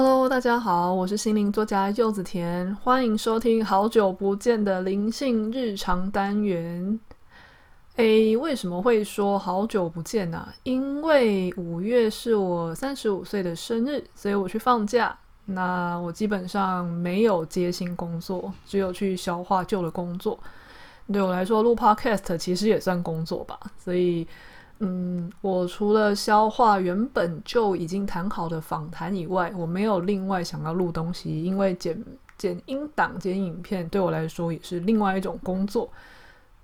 Hello，大家好，我是心靈作家柚子甜，歡迎收聽《好久不見的靈性日常》單元。哎，為什麼會說好久不見呢、啊？因為五月是我三十五歲的生日，所以我去放假。那我基本上沒有接新工作，只有去消化舊的工作。對我來說，錄 Podcast 其實也算工作吧，所以。嗯，我除了消化原本就已經談好的訪談以外，我沒有另外想要錄東西，因為剪剪音檔、剪影片對我來說也是另外一種工作。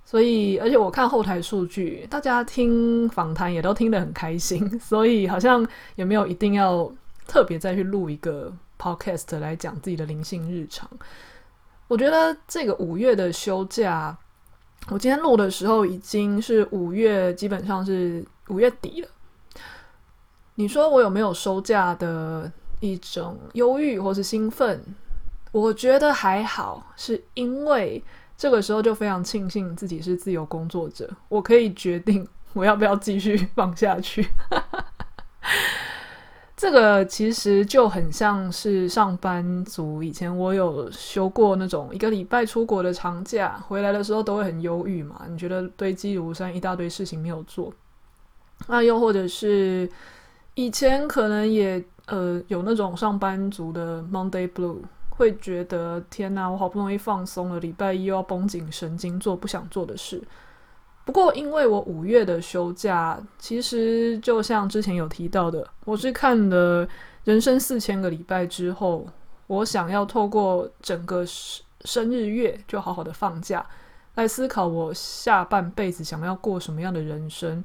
所以，而且我看後台數據，大家聽訪談也都聽得很開心，所以好像也沒有一定要特別再去錄一個 podcast 來講自己的靈性日常。我覺得這個五月的休假。我今天錄的時候已經是五月，基本上是五月底了。你說我有沒有收假的一種憂鬱或是興奮？我覺得還好，是因為這個時候就非常慶幸自己是自由工作者，我可以決定我要不要繼續放下去。 這個其實就很像是上班族，以前我有休過那種一個禮拜出國的長假，回來的時候都會很憂鬱嘛。你覺得堆積如山一大堆事情沒有做，那又或者是以前可能也呃有那種上班族的 Monday Blue，會覺得天哪，我好不容易放鬆了，禮拜一又要繃緊神經做不想做的事。不過，因為我五月的休假，其實就像之前有提到的，我是看了《人生四千個禮拜》之後，我想要透過整個生生日月就好好的放假，來思考我下半輩子想要過什麼樣的人生，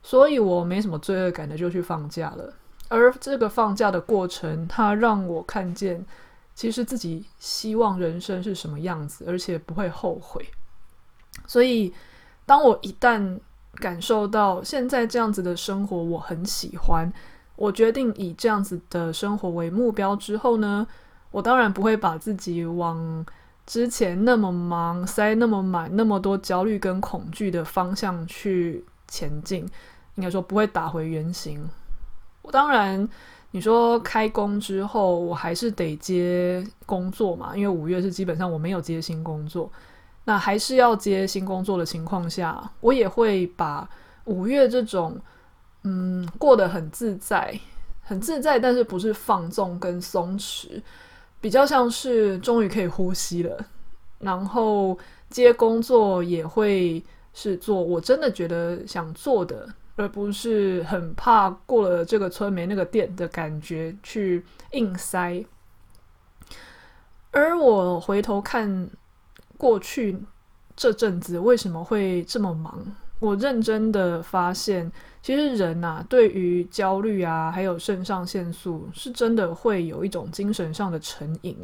所以我沒什麼罪惡感的就去放假了。而這個放假的過程，它讓我看見其實自己希望人生是什麼樣子，而且不會後悔，所以。當我一旦感受到現在這樣子的生活，我很喜歡，我決定以這樣子的生活為目標之後呢，我當然不會把自己往之前那麼忙、塞那麼滿、那麼多焦慮跟恐懼的方向去前進，應該說不會打回原形。我當然，你說開工之後，我還是得接工作嘛，因為五月是基本上我沒有接新工作。那還是要接新工作的情況下，我也會把五月這種，嗯，過得很自在，很自在，但是不是放縱跟鬆弛，比較像是終於可以呼吸了。然後接工作也會是做我真的覺得想做的，而不是很怕過了這個村沒那個店的感覺去硬塞。而我回頭看。過去這陣子為什麼會這麼忙？我認真的發現，其實人吶、啊，對於焦慮啊，還有腎上腺素，是真的會有一種精神上的成癮。誒，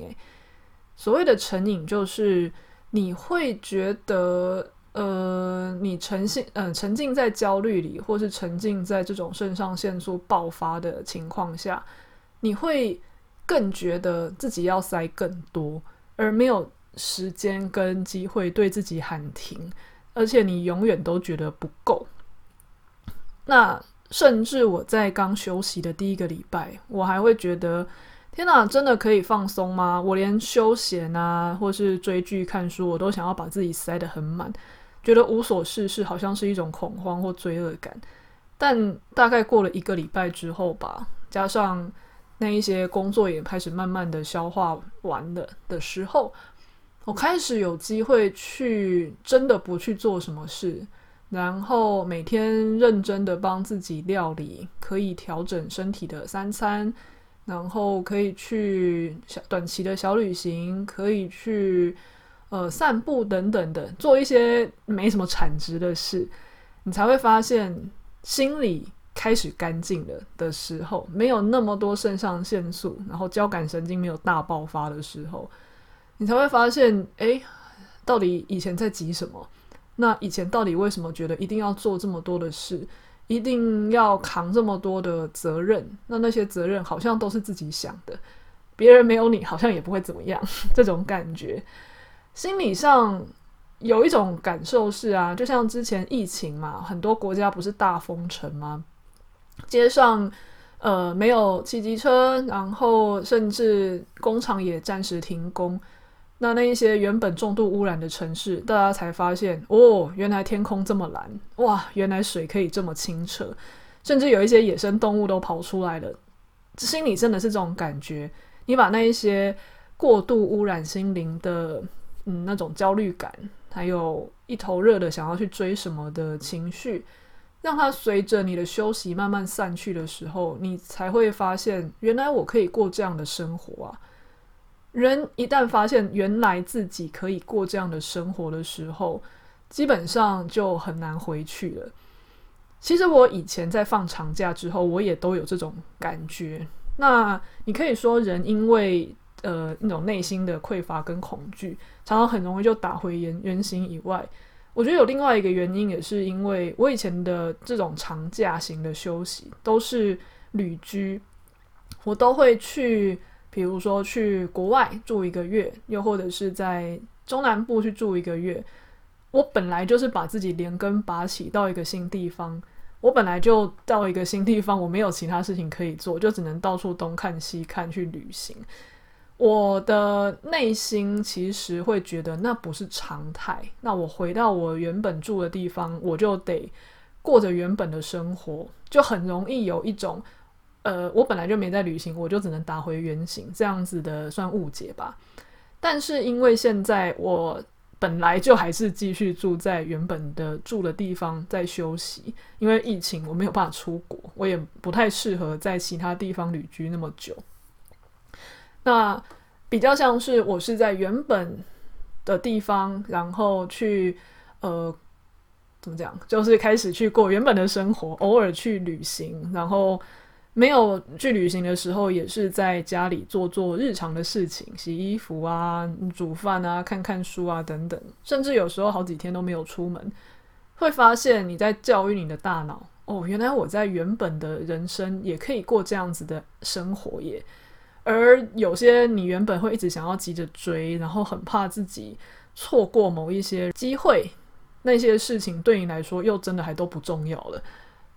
所謂的成癮，就是你會覺得，呃，你沉浸，嗯、呃，沉浸在焦慮裡，或是沉浸在這種腎上腺素爆發的情況下，你會更覺得自己要塞更多，而沒有，時間跟機會對自己喊停，而且你永遠都覺得不夠。那甚至我在剛休息的第一個禮拜，我還會覺得天哪，真的可以放鬆嗎？我連休閒啊，或是追劇、看書，我都想要把自己塞得很滿，覺得無所事事，好像是一種恐慌或罪惡感。但大概過了一個禮拜之後吧，加上那一些工作也開始慢慢的消化完了的時候。我開始有機會去真的不去做什麼事，然後每天認真的幫自己料理，可以調整身體的三餐，然後可以去小短期的小旅行，可以去呃散步等等的，做一些沒什麼產值的事，你才會發現心裡開始乾淨了的時候，沒有那麼多腎上腺素，然後交感神經沒有大爆發的時候。你才會發現，哎，到底以前在急什麼？那以前到底為什麼覺得一定要做這麼多的事，一定要扛這麼多的責任？那那些責任好像都是自己想的，別人沒有你，好像也不會怎麼樣。這種感覺，心理上有一種感受是啊，就像之前疫情嘛，很多國家不是大封城嗎？街上呃沒有汽機車，然後甚至工廠也暫時停工。那那一些原本重度污染的城市，大家才發現哦，原來天空這麼藍，哇，原來水可以這麼清澈，甚至有一些野生動物都跑出來了，心裡真的是這種感覺。你把那一些過度污染心靈的，嗯，那種焦慮感，還有一頭熱的想要去追什麼的情緒，讓它隨着你的休息慢慢散去的時候，你才會發現，原來我可以過這樣的生活啊。人一旦發現原來自己可以過這樣的生活的時候，基本上就很難回去了。其實我以前在放長假之後，我也都有這種感覺。那你可以說，人因為呃那種內心的匱乏跟恐懼，常常很容易就打回原原形。以外，我覺得有另外一個原因，也是因為我以前的這種長假型的休息都是旅居，我都會去。比如說去國外住一個月，又或者是在中南部去住一個月。我本來就是把自己連根拔起到一個新地方，我本來就到一個新地方，我沒有其他事情可以做，就只能到處東看西看去旅行。我的內心其實會覺得那不是常態。那我回到我原本住的地方，我就得過着原本的生活，就很容易有一種。呃，我本來就沒在旅行，我就只能打回原形，這樣子的算誤解吧。但是因為現在我本來就還是繼續住在原本的住的地方，在休息。因為疫情，我沒有辦法出國，我也不太適合在其他地方旅居那麼久。那比較像是我是在原本的地方，然後去，呃，怎麼講，就是開始去過原本的生活，偶爾去旅行，然後。沒有去旅行的時候，也是在家裡做做日常的事情，洗衣服啊、煮飯啊、看看書啊等等，甚至有時候好幾天都沒有出門，會發現你在教育你的大腦哦，原來我在原本的人生也可以過這樣子的生活耶。而有些你原本會一直想要急着追，然後很怕自己錯過某一些機會，那些事情對你來說又真的還都不重要了，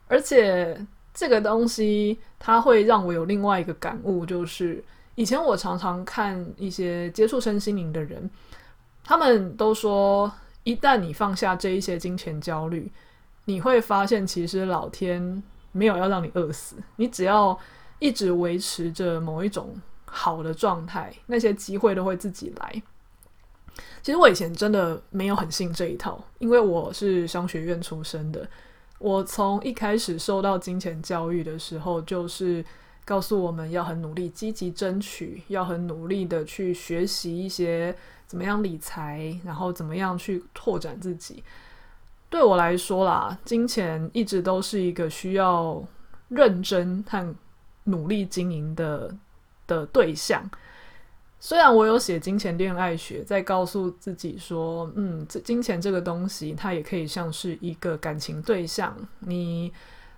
而且。這個東西，它會讓我有另外一個感悟，就是以前我常常看一些接觸身心靈的人，他們都說，一旦你放下這一些金錢焦慮，你會發現，其實老天沒有要讓你餓死，你只要一直維持着某一種好的狀態，那些機會都會自己來。其實我以前真的沒有很信這一套，因為我是商學院出身的。我從一開始受到金錢教育的時候，就是告訴我們要很努力、積極爭取，要很努力的去學習一些怎麼樣理財，然後怎麼樣去拓展自己。對我來說啦，金錢一直都是一個需要認真和努力經營的的對象。雖然我有寫《金錢戀愛學》，在告訴自己說，嗯，這金錢這個東西，它也可以像是一個感情對象。你，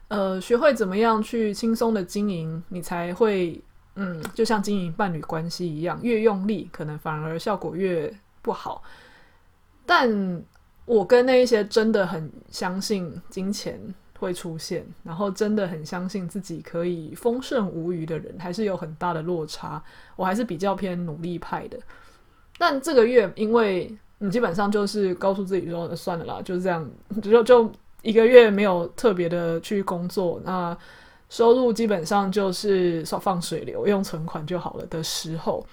呃，學會怎麼樣去輕鬆的經營，你才會，嗯，就像經營伴侶關係一樣，越用力，可能反而效果越不好。但我跟那一些真的很相信金錢。會出現，然後真的很相信自己可以豐盛無虞的人，還是有很大的落差。我還是比較偏努力派的，但這個月，因為你基本上就是告訴自己說算了啦，就是這樣，就就一個月沒有特別的去工作，那收入基本上就是放放水流，用存款就好了的時候，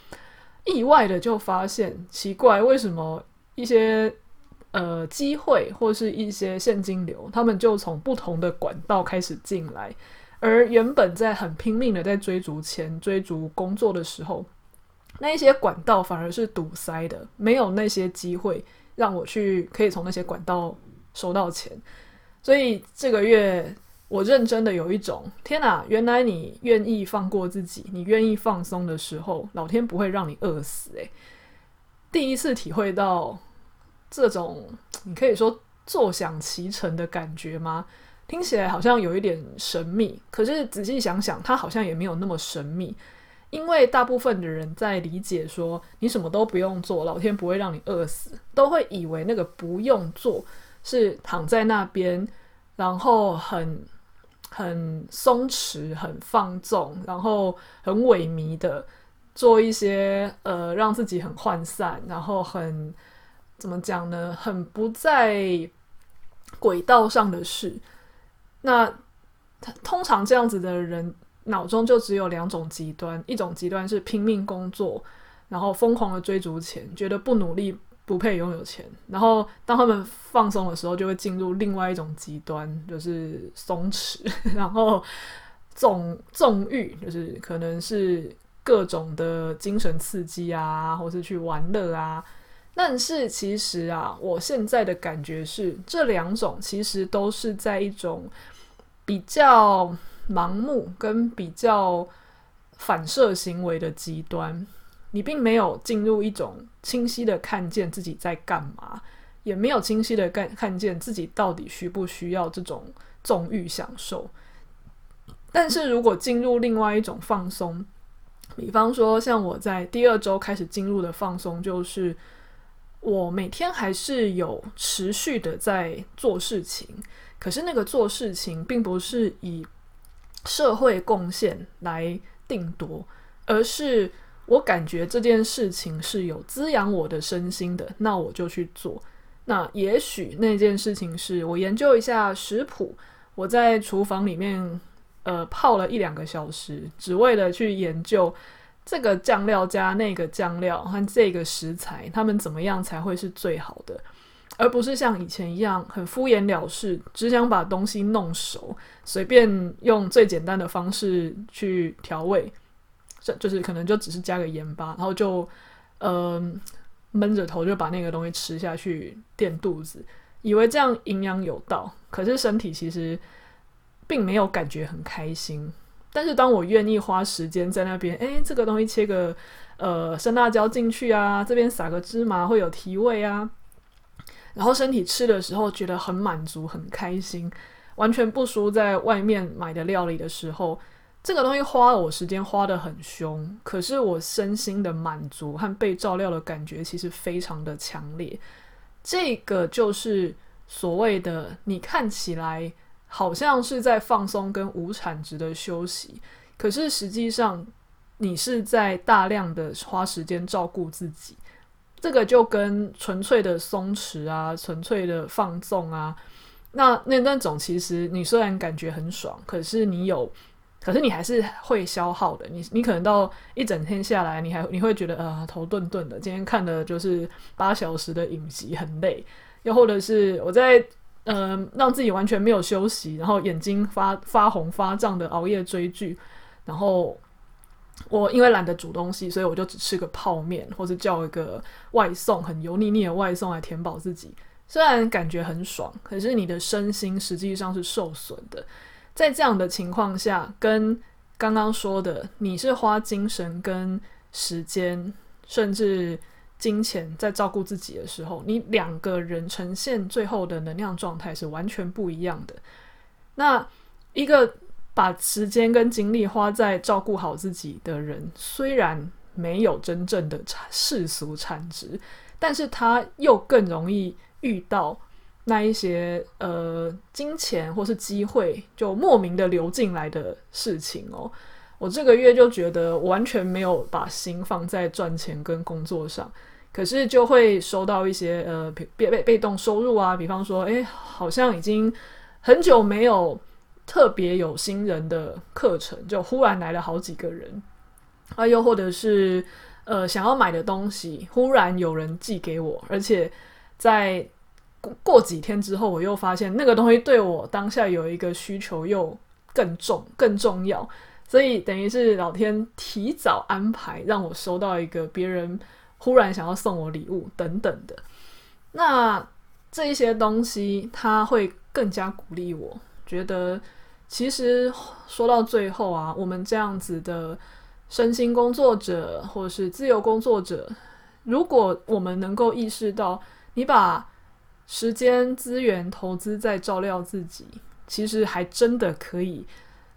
意外的就發現，奇怪為什麼一些，呃，機會或是一些現金流，他們就從不同的管道開始進來，而原本在很拼命的在追逐錢、追逐工作的時候，那一些管道反而是堵塞的，沒有那些機會讓我去可以從那些管道收到錢，所以這個月我認真的有一種，天哪，原來你願意放過自己，你願意放鬆的時候，老天不會讓你餓死誒，第一次體會到。這種你可以說坐享其成的感覺嗎？聽起來好像有一點神秘，可是仔細想想，它好像也沒有那麼神秘。因為大部分的人在理解說你什麼都不用做，老天不會讓你餓死，都會以為那個不用做是躺在那邊，然後很很鬆弛、很放縱，然後很萎靡的做一些呃讓自己很渙散，然後很。怎麼講呢？很不在軌道上的事。那通常這樣子的人，腦中就只有兩種極端：一種極端是拼命工作，然後瘋狂的追逐錢，覺得不努力不配擁有錢；然後當他們放鬆的時候，就會進入另外一種極端，就是鬆弛，然後縱縱慾，就是可能是各種的精神刺激啊，或是去玩樂啊。但是其實啊，我現在的感覺是，這兩種其實都是在一種比較盲目跟比較反射行為的極端。你並沒有進入一種清晰的看見自己在幹嘛，也沒有清晰的看看見自己到底需不需要這種縱慾享受。但是如果進入另外一種放鬆，比方說像我在第二周開始進入的放鬆，就是。我每天還是有持續的在做事情，可是那個做事情並不是以社會貢獻來定奪，而是我感覺這件事情是有滋養我的身心的，那我就去做。那也許那件事情是我研究一下食譜，我在廚房裡面呃泡了一兩個小時，只為了去研究。這個醬料加那個醬料和這個食材，它們怎麼樣才會是最好的？而不是像以前一樣很敷衍了事，只想把東西弄熟，隨便用最簡單的方式去調味，就就是可能就只是加個鹽巴，然後就嗯、呃、悶着頭就把那個東西吃下去墊肚子，以為這樣營養有道，可是身體其實並沒有感覺很開心。但是當我願意花時間在那邊，誒，這個東西切個，呃，生辣椒進去啊，這邊撒個芝麻會有提味啊，然後身體吃的時候覺得很滿足，很開心，完全不輸在外面買的料理的時候。這個東西花了我時間花得很兇，可是我身心的滿足和被照料的感覺其實非常的強烈。這個就是所謂的你看起來。好像是在放鬆跟無產值的休息，可是實際上你是在大量的花時間照顧自己。這個就跟純粹的鬆弛啊、純粹的放縱啊，那那那種其實你雖然感覺很爽，可是你有，可是你還是會消耗的。你你可能到一整天下來，你還你會覺得啊、呃、頭鈍鈍的，今天看的就是八小時的影集很累，又或者是我在。嗯，讓自己完全沒有休息，然後眼睛發發紅發脹的熬夜追劇，然後我因為懶得煮東西，所以我就只吃個泡麵，或是叫一個外送，很油膩膩的外送來填飽自己。雖然感覺很爽，可是你的身心實際上是受損的。在這樣的情況下，跟剛剛說的，你是花精神跟時間，甚至。金錢在照顧自己的時候，你兩個人呈現最後的能量狀態是完全不一樣的。那一個把時間跟精力花在照顧好自己的人，雖然沒有真正的世俗產值，但是他又更容易遇到那一些，呃，金錢或是機會就莫名的流進來的事情哦。我這個月就覺得完全沒有把心放在賺錢跟工作上，可是就會收到一些呃被被被動收入啊，比方說，哎、欸，好像已經很久沒有特別有新人的課程，就忽然來了好幾個人，啊，又或者是呃想要買的東西，忽然有人寄給我，而且在過過幾天之後，我又發現那個東西對我當下有一個需求又更重、更重要。所以等於是老天提早安排，讓我收到一個別人忽然想要送我禮物等等的。那這一些東西，它會更加鼓勵。我覺得其實說到最後啊，我們這樣子的身心工作者或者是自由工作者，如果我們能夠意識到，你把時間、資源投資在照料自己，其實還真的可以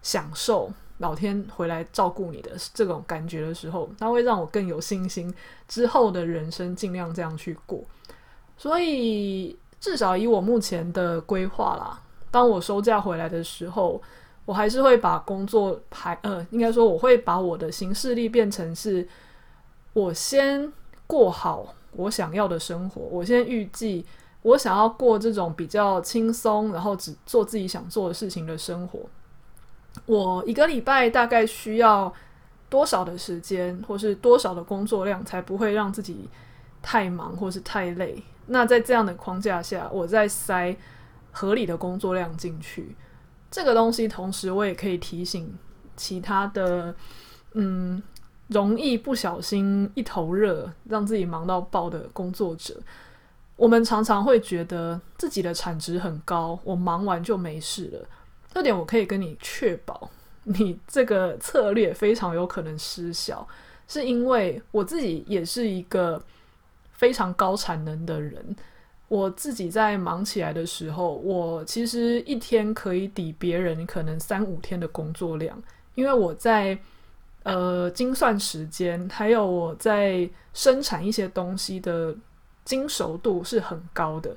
享受。老天回來照顧你的這種感覺的時候，它會讓我更有信心。之後的人生儘量這樣去過。所以，至少以我目前的規劃啦，當我休假回來的時候，我還是會把工作排……呃，應該說，我會把我的行事曆變成是：我先過好我想要的生活。我先預計，我想要過這種比較輕鬆，然後只做自己想做的事情的生活。我一個禮拜大概需要多少的時間，或是多少的工作量，才不會讓自己太忙或是太累？那在這樣的框架下，我再塞合理的工作量進去。這個東西，同時我也可以提醒其他的，嗯，容易不小心一頭熱，讓自己忙到爆的工作者。我們常常會覺得自己的產值很高，我忙完就沒事了。這點我可以跟你確保，你這個策略非常有可能失效，是因為我自己也是一個非常高產能的人。我自己在忙起來的時候，我其實一天可以抵別人可能三五天的工作量，因為我在呃精算時間，還有我在生產一些東西的精熟度是很高的，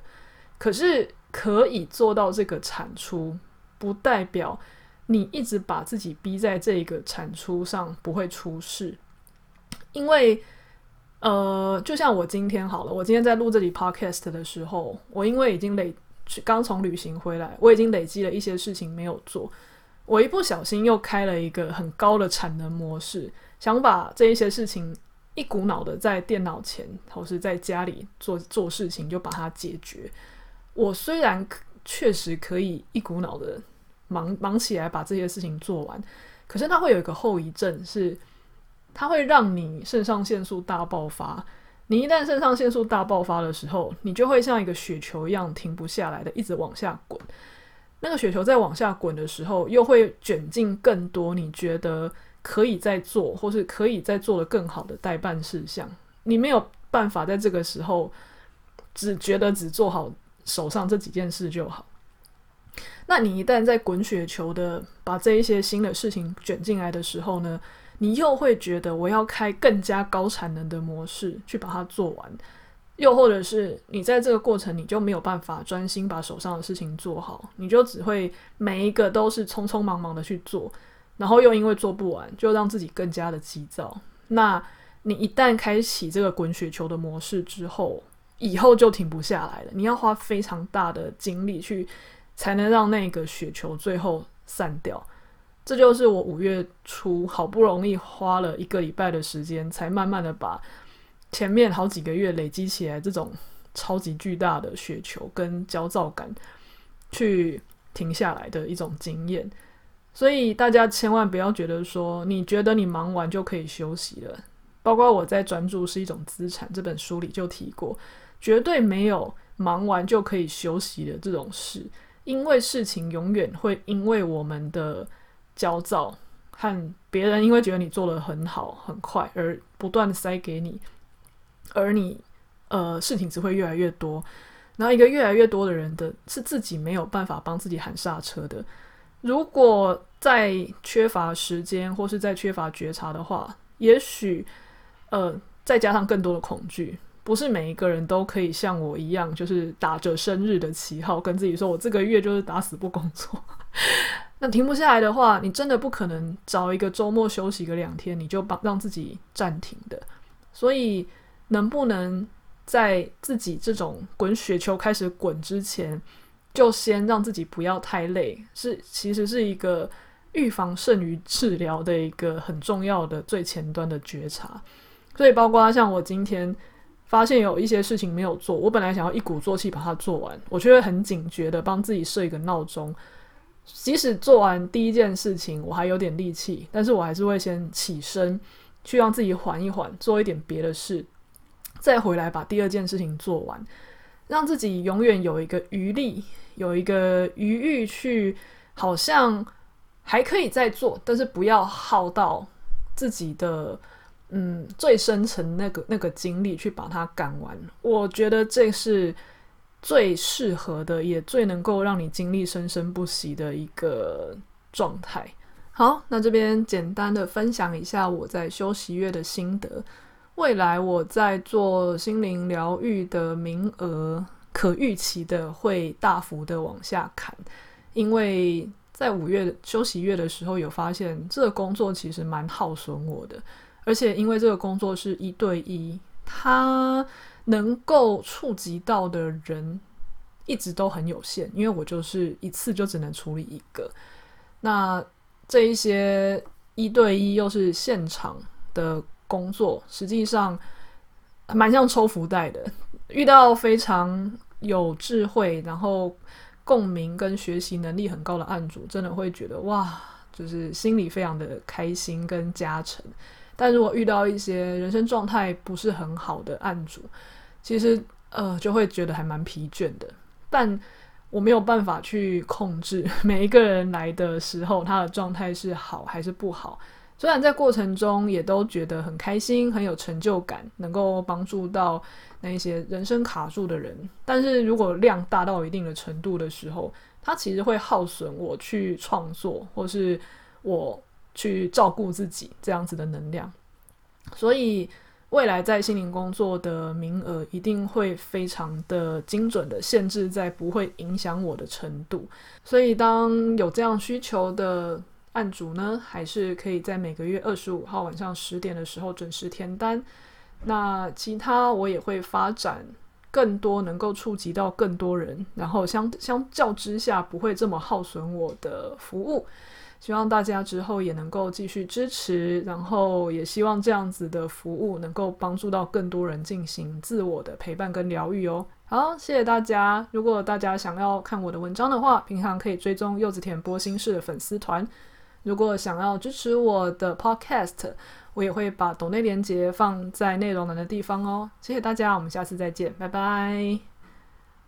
可是可以做到這個產出。不代表你一直把自己逼在這個產出上不會出事，因為呃，就像我今天好了，我今天在錄這集 podcast 的時候，我因為已經累，剛從旅行回來，我已經累積了一些事情沒有做，我一不小心又開了一個很高的產能模式，想把這一些事情一股腦的在電腦前，或是在家裡做做事情就把它解決。我雖然確實可以一股腦的。忙忙起來把這些事情做完，可是它會有一個後遺症是，是它會讓你腎上腺素大爆發。你一旦腎上腺素大爆發的時候，你就會像一個雪球一樣停不下來的，一直往下滾。那個雪球在往下滾的時候，又會捲進更多你覺得可以再做或是可以再做的更好的待辦事項。你沒有辦法在這個時候只覺得只做好手上這幾件事就好。那你一旦在滾雪球的把這一些新的事情捲進來的時候呢，你又會覺得我要開更加高產能的模式去把它做完，又或者是你在這個過程你就沒有辦法專心把手上的事情做好，你就只會每一個都是匆匆忙忙的去做，然後又因為做不完，就讓自己更加的急躁。那你一旦開啟這個滾雪球的模式之後，以後就停不下來了，你要花非常大的精力去。才能讓那個雪球最後散掉，這就是我五月初好不容易花了一個禮拜的時間，才慢慢的把前面好幾個月累積起來這種超級巨大的雪球跟焦躁感去停下來的一種經驗。所以大家千萬不要覺得說，你覺得你忙完就可以休息了。包括我在《專注是一種資產》這本書裡就提過，絕對沒有忙完就可以休息的這種事。因為事情永遠會因為我們的焦躁和別人因為覺得你做的很好很快而不斷的塞給你，而你呃，事情只會越來越多，然後一個越來越多的人的是自己沒有辦法幫自己喊剎車的。如果在缺乏時間或是在缺乏覺察的話，也許呃，再加上更多的恐懼。不是每一個人都可以像我一樣，就是打着生日的旗號跟自己說，我這個月就是打死不工作。 那停不下來的話，你真的不可能找一個周末休息個兩天，你就把讓自己暫停的。所以，能不能在自己這種滾雪球開始滾之前，就先讓自己不要太累，是其實是一個預防勝於治療的一個很重要的最前端的覺察。所以，包括像我今天，發現有一些事情沒有做，我本來想要一鼓作氣把它做完，我卻會很警覺的幫自己設一個鬧鐘。即使做完第一件事情，我還有點力氣，但是我還是會先起身去讓自己緩一緩，做一點別的事，再回來把第二件事情做完，讓自己永遠有一個餘力，有一個餘裕去，好像還可以再做，但是不要耗到自己的。嗯，最深層那個那個精力去把它趕完，我覺得這是最適合的，也最能夠讓你精力生生不息的一個狀態。好，那這邊簡單的分享一下我在休息月的心得。未來我在做心靈療癒的名額，可預期的會大幅的往下砍，因為在五月休息月的時候有發現，這個工作其實蠻耗損我的。而且因為這個工作是一對一，他能夠觸及到的人一直都很有限，因為我就是一次就只能處理一個。那這一些一對一又是現場的工作，實際上蠻像抽福袋的。遇到非常有智慧、然後共鳴跟學習能力很高的案主，真的會覺得哇，就是心裡非常的開心跟加成。但如果遇到一些人生狀態不是很好的案主，其實呃就會覺得還蠻疲倦的。但我沒有辦法去控制每一個人來的時候，他的狀態是好還是不好。雖然在過程中也都覺得很開心，很有成就感，能夠幫助到那些人生卡住的人。但是如果量大到一定的程度的時候，它其實會耗損我去創作或是我。去照顧自己這樣子的能量，所以未來在心靈工作的名額一定會非常的精準的限制在不會影響我的程度。所以當有這樣需求的案主呢，還是可以在每個月二十五號晚上十點的時候準時填單。那其他我也會發展更多，能夠觸及到更多人，然後相，相較之下不會這麼耗損我的服務。希望大家之後也能夠繼續支持，然後也希望這樣子的服務能夠幫助到更多人進行自我的陪伴跟療癒哦。好，謝謝大家。如果大家想要看我的文章的話，平常可以追蹤柚子甜剝心事的粉絲團。如果想要支持我的 Podcast，我也會把抖內連結放在內容欄的地方哦。謝謝大家，我們下次再見，拜拜。